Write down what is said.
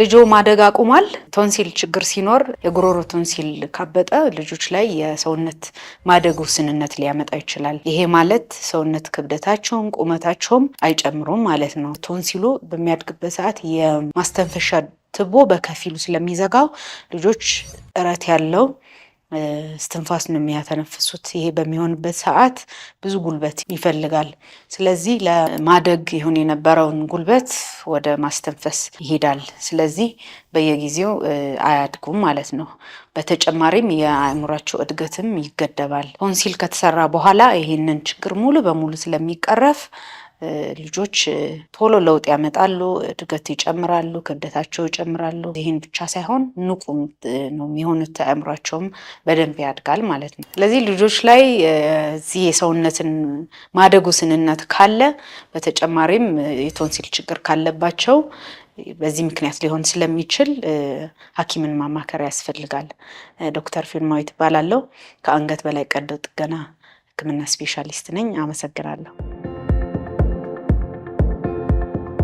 ልጆ ማደግ አቁሟል። ቶንሲል ችግር ሲኖር የጉሮሮ ቶንሲል ካበጠ ልጆች ላይ የሰውነት ማደግ ውስንነት ሊያመጣ ይችላል። ይሄ ማለት ሰውነት ክብደታቸውም ቁመታቸውም አይጨምሩም ማለት ነው። ቶንሲሉ በሚያድግበት ሰዓት የማስተንፈሻ ትቦ በከፊሉ ስለሚዘጋው ልጆች ጥረት ያለው እስትንፋስ ነው የሚያተነፍሱት። ይሄ በሚሆንበት ሰዓት ብዙ ጉልበት ይፈልጋል። ስለዚህ ለማደግ ይሁን የነበረውን ጉልበት ወደ ማስተንፈስ ይሄዳል። ስለዚህ በየጊዜው አያድጉም ማለት ነው። በተጨማሪም የአእምሯቸው እድገትም ይገደባል። ቶንሲል ከተሰራ በኋላ ይህንን ችግር ሙሉ በሙሉ ስለሚቀረፍ ልጆች ቶሎ ለውጥ ያመጣሉ፣ እድገት ይጨምራሉ፣ ክብደታቸው ይጨምራሉ። ይህን ብቻ ሳይሆን ንቁም ነው የሚሆኑት፣ አእምሯቸውም በደንብ ያድጋል ማለት ነው። ስለዚህ ልጆች ላይ እዚህ የሰውነትን ማደጉ ስንነት ካለ በተጨማሪም የቶንሲል ችግር ካለባቸው በዚህ ምክንያት ሊሆን ስለሚችል ሐኪምን ማማከር ያስፈልጋል። ዶክተር ፊልማዊ ትባላለሁ ከአንገት በላይ ቀዶ ጥገና ሕክምና ስፔሻሊስት ነኝ። አመሰግናለሁ።